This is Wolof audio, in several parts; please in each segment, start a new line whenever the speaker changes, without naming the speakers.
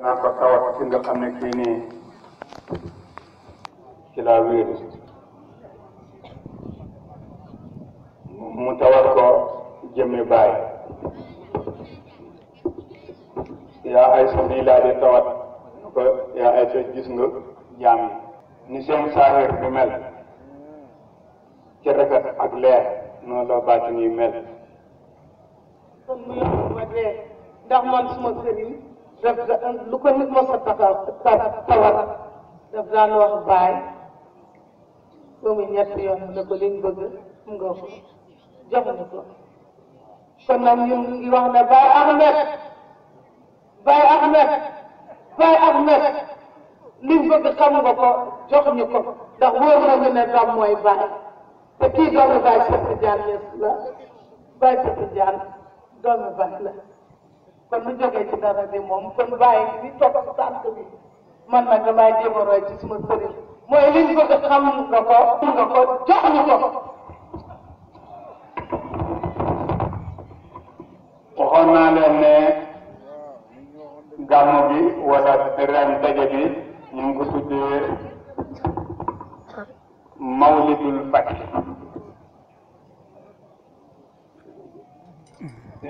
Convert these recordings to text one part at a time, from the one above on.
danaa ko tawat ci nga xam ne fii nii ci laa mu tawat ko jëmmi baay yaa ay sa nii tawat ko yaa ay sa gis nga jaam yi ni seen saaxir bi mel ci rafet ak leer noonu la baati nii mel kon mu yokk ma dee ndax daf lu ko a tawat daan wax baay ba mu ñetti ne ko liñ bëgg mu nga ko jox ñu ko kon nag ñun ngi wax ne Baay Ahmed Baay Ahmed Baay Ahmed liñ bëgg xam nga ko jox ñu ko ndax wóor na ñu ne doom mooy baay
te kii doomu Baay Cheikh
Tidiane la Baay Cheikh Tidiane doomu baay la kon bu jógee ci dara bi moom kon bàyyi bi topp tànk bi man nag damay jéem roy ci suma sëriñ mooy liñ bëgg xam nga ko ko jox ñu ko. waxoon naa leen ne gàmm bi wala ren daje bi ñu ngi ko tuddee mawlidul Fati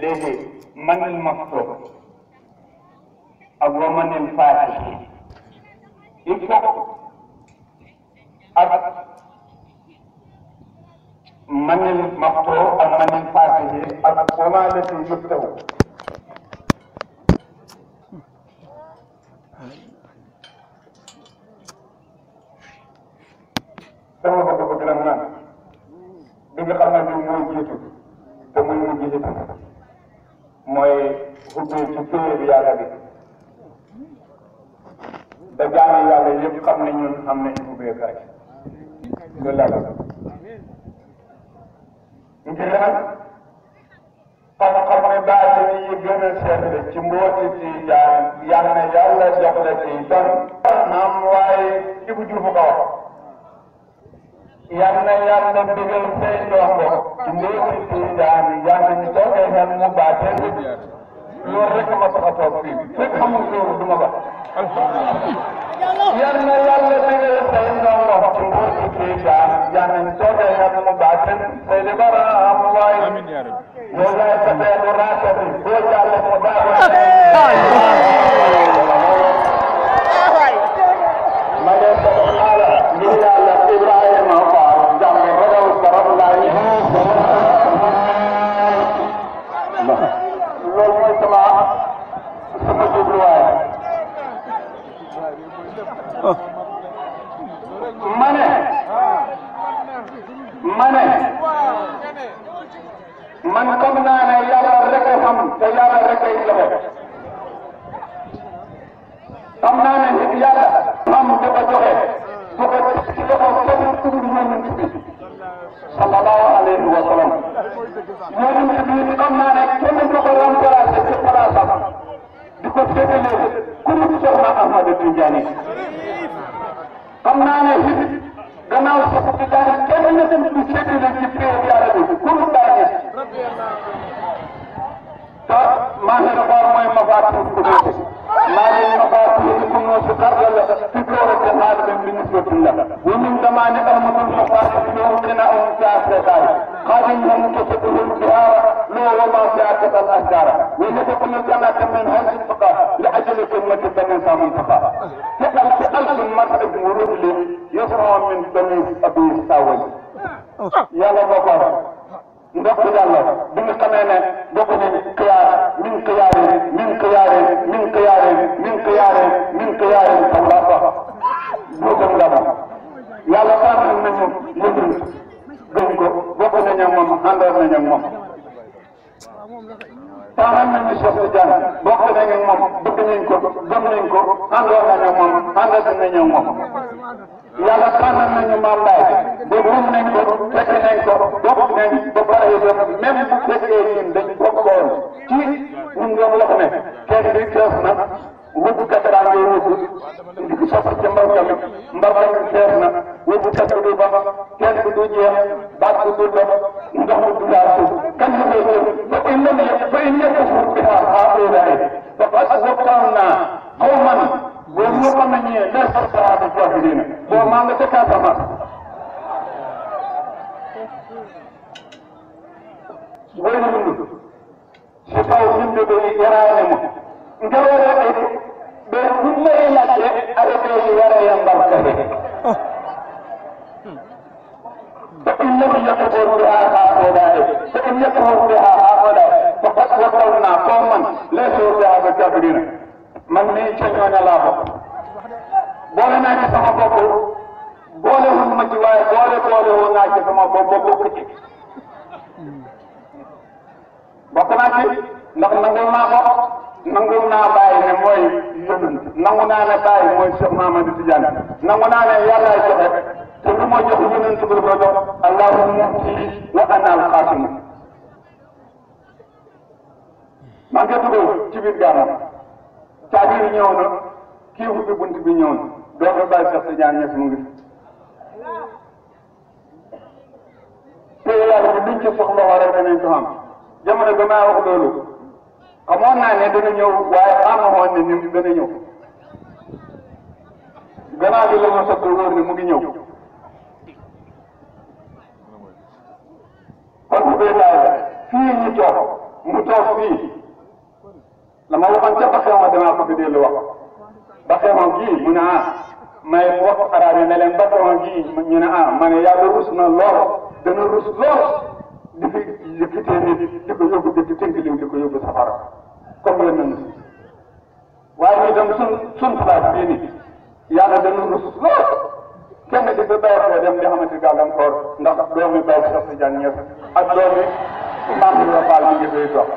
léegi. من المقصود أو من الفاتح إذا أب من المقصود أو من الفاتح الصلاة التي يفتح ba jaami yàlla yëpp xam ne ñun am nañu ubbeekaay loolu laa la ngir nag xam-xam ne baatini yi gën a sell ci mbooti ci jaar yàlla na yàlla jox la ci don naam waaye ci bu juufu ko wax yàlla na yàlla digal say doom ci mbooti ci jaar yàlla ñu toogee xel mu baatee loolu rek ma tax a toog fii fekk xamul loolu du ma wax. yal na yàlla dëggal say ndaw wax ci nguur gi kii daan yal nañ soobee yal mu baatin say di bara am waay. loolu lay fasee bu raakati boo jàllee mu daal. moom bi am naa ne kenn du ko remplacé ci palaasam di ko féetale ku dul Cheikh Ahmadou Tidiane منطقة لأجل كلمة تميس منطقة لأن سألت المرء بمرور يصحى من تميس أبي ساوي يا لما ba pare même bu fekkee ñun dañ bokkoon ci ñun ñoom la ko ne kenn di na wóbbu kataraan ngay wóbbu di sopp ci mbar tamit mbar tamit tees na wóbbu ba kenn bi du jeex baat bi du dox ndox la ba in lam ba in bi xaar xaar doo daay ba pas wokkaan naa xaw man boo ñoo xam ne ñee des sa saatu jaafi dina boo maa nga ca Casamance wallundu so taw yimɓe ɓe yarani mo ndeworeɓe ɓe ɗummari ladde araɓeji waraya mbarka he fa innahum yakfur biha haula'i fa in yakfur biha haula'i
faqad wakalna
qawman laysu biha bikafirina man min coñoñalako bolenaki sama bopp boolehun ma ci waaye boole boole wonaki sama bopp bokk ci
bokk naa ci ndax nangul naa ko nangul naa bàyyi ne mooy
yonent nangu naa ne bàyyi mooy Cheikh Mamadou Tidiane nangu naa ne yàllaay joxe te lu ma jox yonent bi ko jox allahumma wa ana al-xaatim maa ngi dugg ci biir gàllam caabi yi ñëw na kii ubbi bunt bi ñëw na doo ko bàyyi Cheikh Tidiane ñëpp mu ngi fi te yàlla ci soxla war a danañ ko am jamono ba maa wax loolu xamoon naa ne dana ñëw waaye xamaxoon ne ñu dana ñëw gannaaw bi la ma sotti wóor ne mu ngi ñëw kon su dee fii ñu toog mu toog fii la ma waxoon ca baxeema damaa ko fi dellu wax baxeema gii mu ne ah may wax arabe ne leen baxeema gii ñu ne ah ma ne yàlla rus na lool dana rus lool li fi li fi tee nit di ko yóbbu di tënk lim di ko yóbbu safara comme yeneen yi waaye ñu dem sun sun place bii nii yàlla dañu rus lool kenn di ba bàyyi ko dem di xamante gàllankoor ndax doomi bàyyi sax si jàng ñëpp ak doomi maam bi la baal ñu ngi fay toog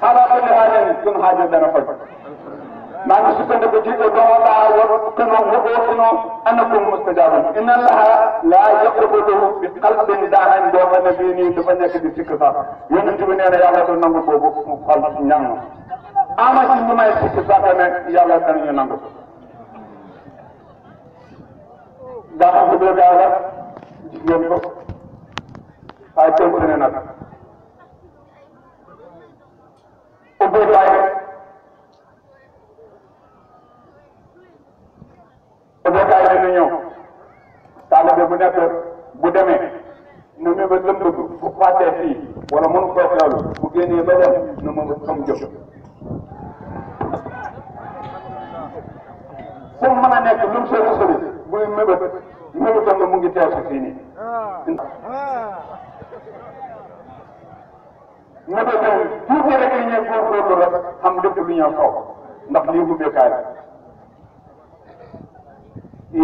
xalaat ne xaaja ni sun xaaja dana faj maa ngi sukkandiku ci ud'u llaaha wastaqīmu wattaqūhu annakum mustajaabun inna llaaha laa yaqbalu bi qalbin daanin boo xam ne bii nii dafa nekk di sikk a yonent bi nee na yàlla du nangu boobu mu xol ñan ama ci ñu may sikk sax ne yàlla danañu nangu daanaka bu dee gaaw la jigéen ko waaye tënk ne nag bi ñëw ndax li bu bekkaay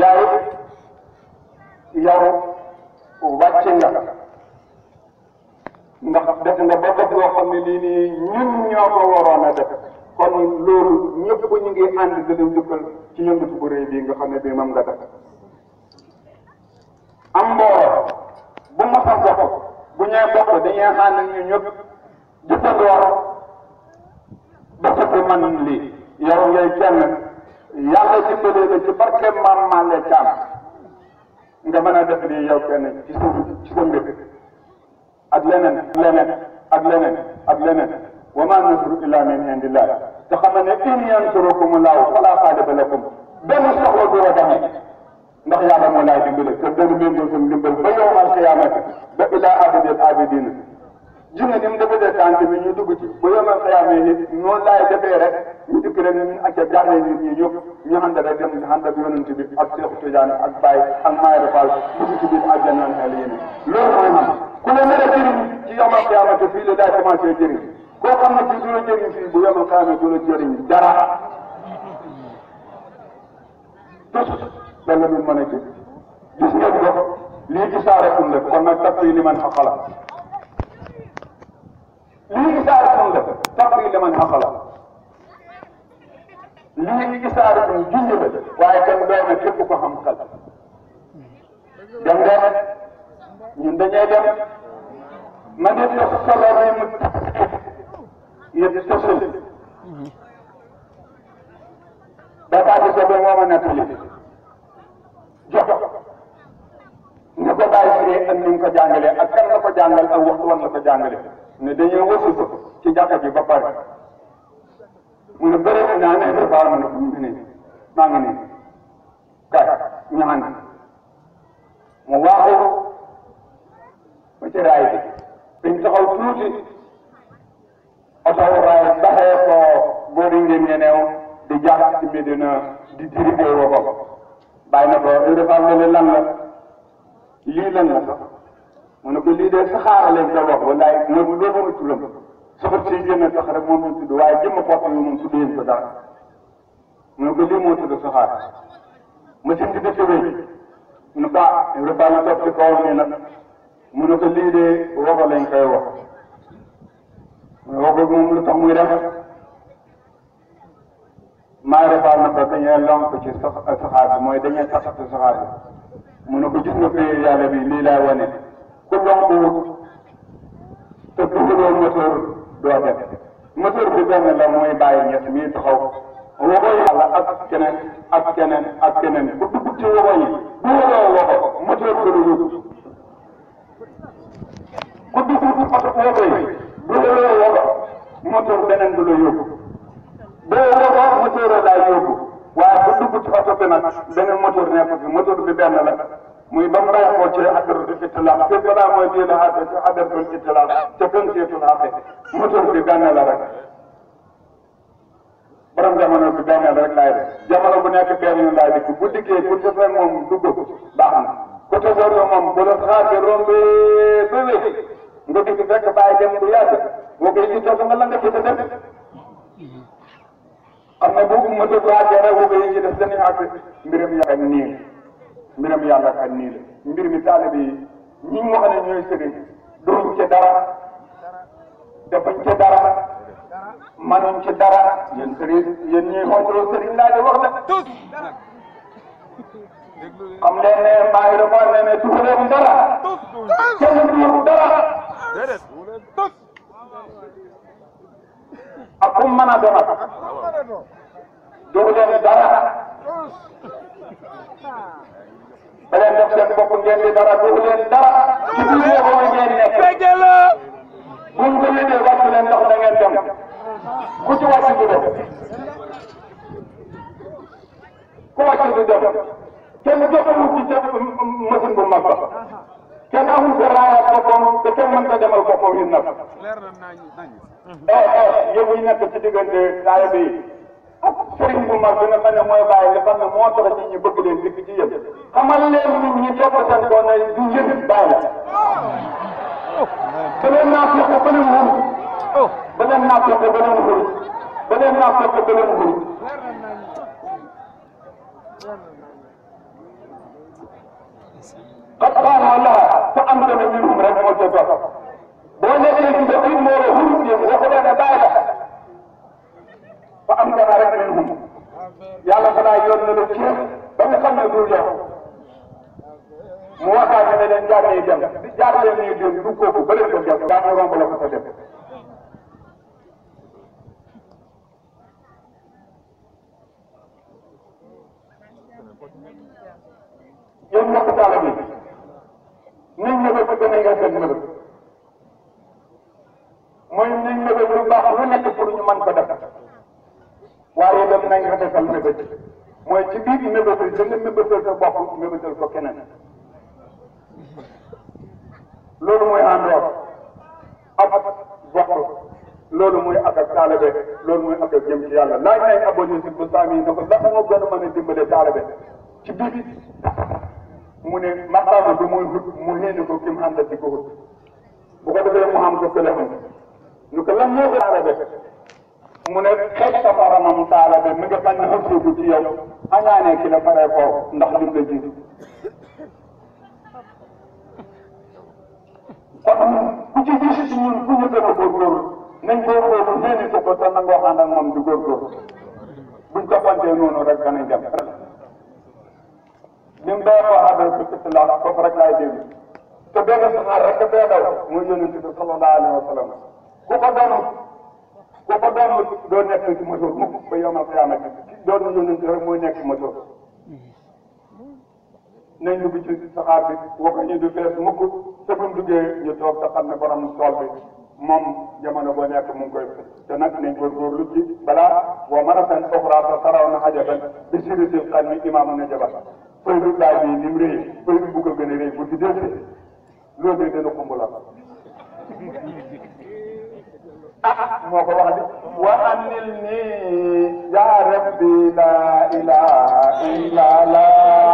yaay yaru wàcce nga ndax def nga ba bëgg lo xam li ni ñun ñoo ko waroon a def kon loolu ko ñu ngi and di leen jukkal ci yëngatu bu rëy bii nga xam bi mam nga def am bo bu ma sax bokk bu ñe bokk dañuy xaan ñu ñëpp di sa door dafa ko mën lii yow ngay kenn yàlla ci bëlee la ci barke maam Malle Thiam nga mën a def lii yow kenn ci sa ci sa mbir ak leneen leneen ak leneen ak leneen wa maa nasru illaa min indillah te xam ne in yansurukum laahu falaa xaaliba lakum benn soxla du la demee ndax yàlla moo laa dimbale te benn méngoo sa ndimbal ba yow al qiyaamati ba ilaa abadil abidin junne ni mu dugg de tànk bi ñu dugg ci bu yomal xëyaamee nit noonu laay defee rek ñu dikk rek ñun ak ca garle nit ñi yëpp ñu ànd rek dem ñu ànd ak yonent bi ak Cheikh Tidiane ak Baye ak Mayra Fall dugg ci biir àjjana xel yéen loolu mooy man ku la mën a jëriñ ci yomal xëyaamate fii la daay commencé jëriñ koo xam ne fii du la jëriñ bu yomal xëyaamee du la jëriñ dara tos lan la ñu mën a jëriñ gis ngeen ko lii gisaare ëllëg kon nag takk yi li man xaqala lii isaara doon def takbir liman xasala lii isaara doon junj la waaye dem doon na képp ko xam xel dem doon na ñun dañuy dem man it dafa soxla rëy mu yëpp tësul moo ma nettali jox ñu ko bàyyi ak ni mu ko jàngalee ak kan la ko jàngal ak waxtu wan la ko jàngalee. ne dañoo wasifa ci jàkka ji ba pare mu ne naa ne ne baal ma ne mu ne maa ngi nii mu waaxu ba ci raay bi dañ taxaw tuuti oto raay baxee ko boori ngeen yeneew di jàpp ci Medina di diri ay wobam bàyyi na ko lu defal ne lan lii lan la mu ne ko lii de saxaara lañ koy wax walaay moom loolu mooy turam soxat si génne sax rek moom lañ tudd waaye jëmm boppam yi ko mu ne ko lii moo tudd saxaar ma si ngi dëkk ah, mu ne ko lii de wogo lañ koy wax ko ci saxaar mooy dañuy tax ci saxaar bi mu ne ko gis nga ko yàlla bi lii laay wane ku nanguwut te dugaloo moteur doo def moteur bi benn la mooy bàyyi ñett mii taxaw wogo yi yàlla ak keneen ak keneen ak keneen bu dugg ci wogo bu wogoo wogo moteur bi la wut ku dugg ci wogo yi bu wogoo wogo moteur beneen du la yóbbu la yóbbu waaye bu dugg ci oto bi nag beneen moteur nekk fi bi benn la muy ba mu bàyyeekoo ci hadratul itilaf te balaa mooy diine hadratul itilaf ca kanseetul xaqi moteur bi gànna la rek borom jamono bi gànna la rek laay def jamono bu nekk benn laay dikk bu dikkee ku tës rek moom dugg baax na ku tësoon na moom bu la xaar rombee ba wéy nga dikk fekk bàyyi dem bu yàgg boo koy ji toog nga la nga ci sa dem xam nga bu moteur bu àggee rek boo koy ji def dañuy àgg mbiram yàgg nii mbiram yàlla ak nii la mbir mi taalibe yi ñi nga xam ne ñooy sëriñ doon ca dara defañ ca dara manoon ca dara yéen sëriñ yéen ñuy xooloo sëriñ laa di wax la xam leen ne maa ngi defoon ne ne tuuleeku dara kenn tuuleeku dara ak kum mën a doon
dugg leen dara
da leen def seen bopp ngeen di dara dugg leen dara ci biir réew mi ngeen nekk buñ ko yëgee wàcc leen ndox da ngeen dem ku ci wàcc du dem ku wàcc du dem kenn joxewul ci machine bu mag ba kenn amul ko raayaat boppam te kenn mën ko demal boppam yi nag eh eh yëngu nekk ci diggante bi sëriñ bu mag bi nga xam ne mooy bàyyi li xam ne moo tax nit ñi bëgg leen dikk ci yëpp xamal leen nit ñi topp seen doon du yëpp bàyyi la ba leen naa fekk ba leen wóor ba leen naa fekk ba leen wóor ba leen naa fekk ba leen wóor qad qaala laha fa amkana minhum rek moo ca topp boo nekkee ci dëkk yi moo la wóor waxu leen bàyyi la ba am nga rek mel ni yàlla xanaa yoon na la ci ba nga xam ne du yow mu waxaat ne leen jaar nañu dem di jaar leen ñuy dem du kooku ba leen ko jëm daa ñu romb la mébatal da nga mébatal loolu mooy àndoor ak bokk loolu mooy ak ak taalibe loolu mooy ak ak jëm ci yàlla laaj nañ abonné si bustaam yi ne ko ndax moo gën a a dimbale taalibe ci biir mu ne maqaama bi muy mu xéene ko ki mu àndal di ko hut bu ko defee mu am ko kële ñu lan moo gën a taalibe mu ne fekk sa boromam taala bi mi nga bañ a xëccu ci yow añaane ki la faree ko ndax lim la ji. kon ku ci gis ci ñun ku ñu gën a góorgóorlu nañ góorgóorlu seeni ko te nangoo ànd ak moom di góorgóorlu buñ toppantee noonu rek danañ dem. lim bee ko xamee ci islam foofu rek laay déglu te benn saxaar rek bee daw muy yonent bi sallallahu alayhi wa sallam ku ko doon ku ko doon doo nekk ci mosoor mukk ba a xiyaama ci doon yonent rek mooy nekk mosoor nañ dugg ci saxaar bi woo ko ñu du fees mukk te buñ duggee ñu toog te xam ne borom tool bi moom jamono boo nekk mu koy te nag nañ góorgóorlu ci balaa wa maratan oxra ta saraw na xajaban bi sirisil xan mi imaamu na jaba fay bu baay bi ni mu rëy fay bu gën a rëy bu di dee loolu de dana xumbala وحملني يا ربي لا إله إلا الله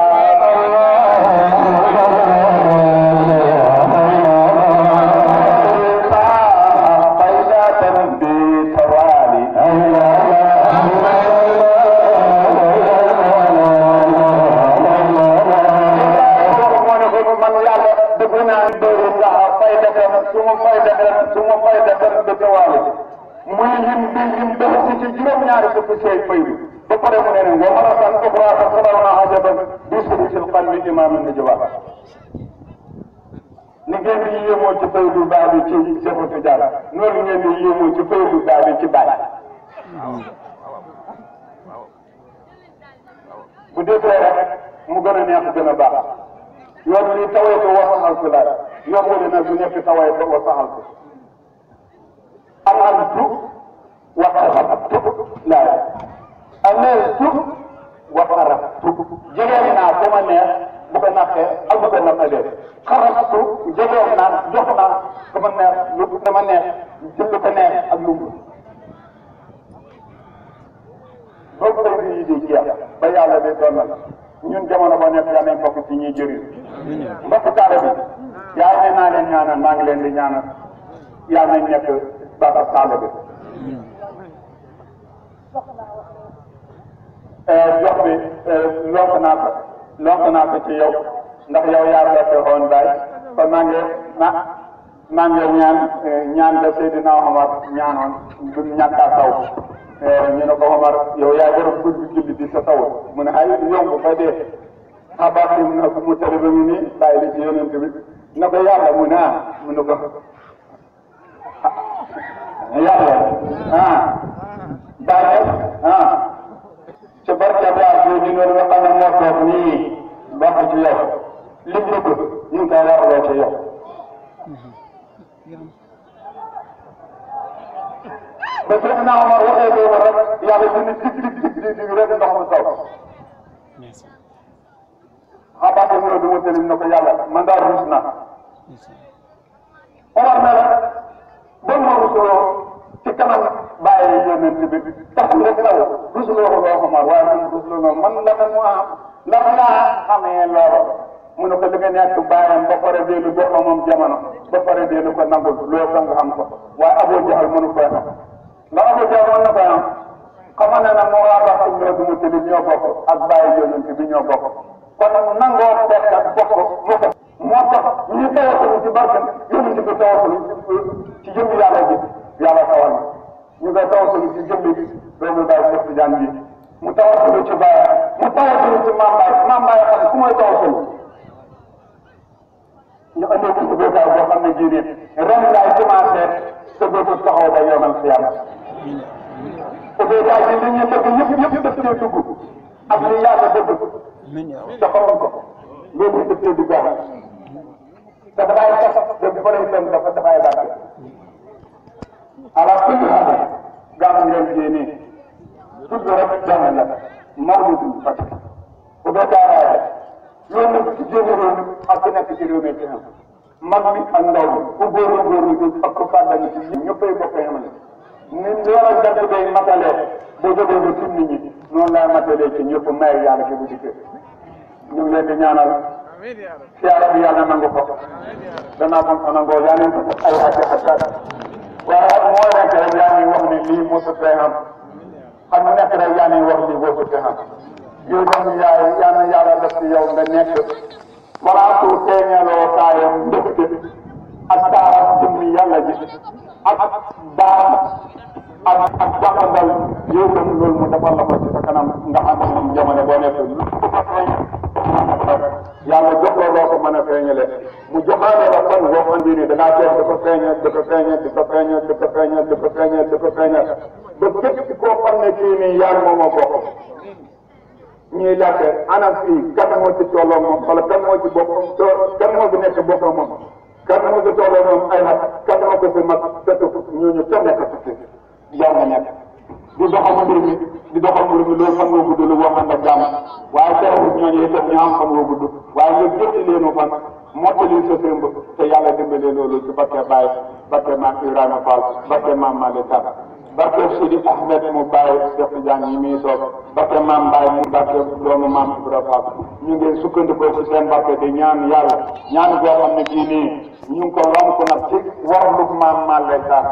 cay faydu ba pare mu ne nag wa maratan uxra qad sadawna ajaban bi sulusil qalbi imaamin najwa ni ngeen di yéemoo ci faydu baa bi ci Seexu Tijaan noonu ngeen di yéemoo ci faydu baa bi ci baay bu defee rek mu gën a neex gën a baax yoon li tawee ko wa saxal si laaj yoon wala nag bu nekk tawee ko wa saxal si وقربت لا أملت وقربت جيران نا كما نه بوكو ناخه ak boko nafa def xarastu jegeon na jox na dama neex lu dama neex jël ko neex ak lu bokk yi di jeex ba yàlla di doonal ñun jamono ba nekk yaa ngi bokk ci ñuy jëriñ mbokk taale bi yaa ngi naa leen ñaanal maa ngi leen di ñaanal yaa ngi nekk baax ak taale bi Eh, jox bi lonk eh, naa ko lonk naa ko ci yow ndax yow yaa bette woon baay kon maa ngi maa ngi ñaan eh, ñaan da Seydina Omar ñaanoon du ñàkkaa taw ñu ne ko Omar yow yaa borom gud bi julli di sa taw mu ne ay yomb ba dee xabaar bi mu ne ko mu li ci yonent bi na ko yàlla mu ne ah mu ne ko ah, yàlla ah bàyyi ah ci barke Ba ñu noonu nga xam ne moo toog nii bokk ci yow li bëgg ñu ngi koy waraloo ci yow. ba ci naa ma waxee loolu rek yàlla ñu ne dig dig dig dig dig rek ndox mu taw. xabaar bi mu ne du ma tëlim na ko yàlla man daal rus naa. Omar ne la bon moo rusuloo ci kanam. bàyyi yonent bi tax nga taw rusloo ko loo xamoon waaye man rusloo loo man ndax mu am ndax laa xamee loolu mu ne ko li nga nekk bàyyam ba pare dee lu jox ko moom jamono ba pare dee lu ko nangul loo ko nga xam ko waaye Abu Jahal mënu koy xam ndax Abu Jahal mën na koy am xamal ne nag moo waa ba xam ne bu mu tëdd ñoo bokk ak bàyyi yonent bi ñoo bokk kon nangoo fekk ak bokk mu ko moo tax ñu tawatalu ci barke yonent bi tawatalu ci jëm yàlla ji yàlla tawal ñu nga tawasulu ci jëmmi doomu Baay Cheikh Tidiane bi mu tawasulu ci Baay mu tawasulu ci Maam Baay Maam Baay xam ku mooy tawasulu ñu andee ko béykat boo xam ne ji nit ren laay commencé te dootul taxaw ba yomal xiyam te béykat yi li ñu dëgg yëpp yëpp daf cee dugg ak li yàlla dëgg te xamoon ko loolu daf cee dugg te dafay sax dafa dafa ala kulli haal gàmmu ngeen génnee tudd rek jàng la marmudu Fatick bu ba daaraaye loolu nag ci jéego réew ak nekk ci réew mi ci mag mi ak ndaw mi ku góorlu góorlu gi ak ku fàddani ci yi ñëppay bokk yemale ni leer ak jant day matalee boo jógee ba ci nit ñi noonu laa matalee ci ñëpp may yàlla ci bu dikkee ñu ngi leen di ñaanal siyaara bi yàlla nangu ko danaa ko nangoo yaa neen ko ay ak waaye ak moo nekk rek yaa ngi wax ni lii mosut fee am xam nga nekk rek yaa ngi wax lii mosut fee am yow dañu yaay yaa na yàlla def ci yow nga nekk walaatu teeñaloo kaayam mbëkte ak taaram jëmmi yàlla ji ak baax ak ak jàppandal yow tam loolu mu defal la ko ci sa kanam ndax am na jamono boo nekk xam-xam yàlla jox la loo ko mën a feeñale mu joxaale la fan boo ko andi nii da ngaa toog di ko feeñal di ko feeñal di ko feeñal di ko feeñal di ko feeñal di ko feeñal ba képp koo xam ne kii nii yaar moom a bokk ñuy laajte ana fii kan moo ci tolloo moom wala kan moo ci bokk kan moo ci nekk bokk moom kan moo ci tolloo moom ay nag kan moo ko fi mag surtout ñooñu ca nekk ci yàlla nekk di doxal mbir mi di doxal mbir mi loolu fan woo lu boo xam ne jàmm waaye terewul ñooñu itam ñu am fan woo gudd waaye nga jëtti leenu fan mottali sa sëmb te yàlla dimbalee loolu ci barke Baye barke maam Ibrahima Fall barke maam Malick Sall barke Sidi Ahmed mu Baye Cheikh Tidiane yi muy toog barke maam Baye mu barke doomu maam Ibrahima Fall ñu ngi sukkandikoo ci seen barke di ñaan yàlla ñaan nii ñu ngi ko lonku nag ci warlu maam Malick Sall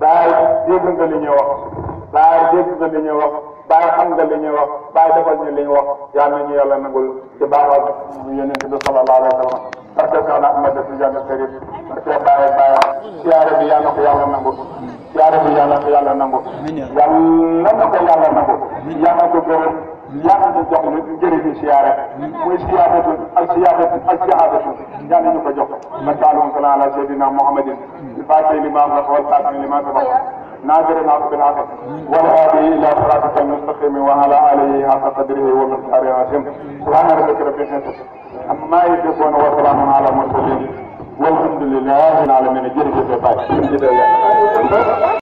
daay dégg nga li ñuy wax baay dégg nga li ñuy wax baay xam nga li ñuy wax baay defal ñu li ñu wax yal na ñu yàlla nangul ci baaxal yonent bi sallallahu alayhi wa sallam parce que Seexna Ahmad Tijaan Sariif parce que baay baay siyaare bi yal na ko yàlla nangul siyaare bi yal na ko yàlla nangul yal na ko yàlla nangul yal na ko gërëm yal na ñu jox ñu jëriñu siyaare muy siyaadatu ak siyaadatu ak siyaadatu yal na ñu ko jox. masalaamu ala sayyidina Muhammadin al-faatihi limaa ughliqa wal khaatimi limaa sabaqa ناظر ناس بالعقل والهادي الى صراطك المستقيم وعلى اله حق قدره ومقداره العظيم سبحان ربك رب العزه عما يصفون وسلام على المرسلين والحمد لله العالمين جل جلاله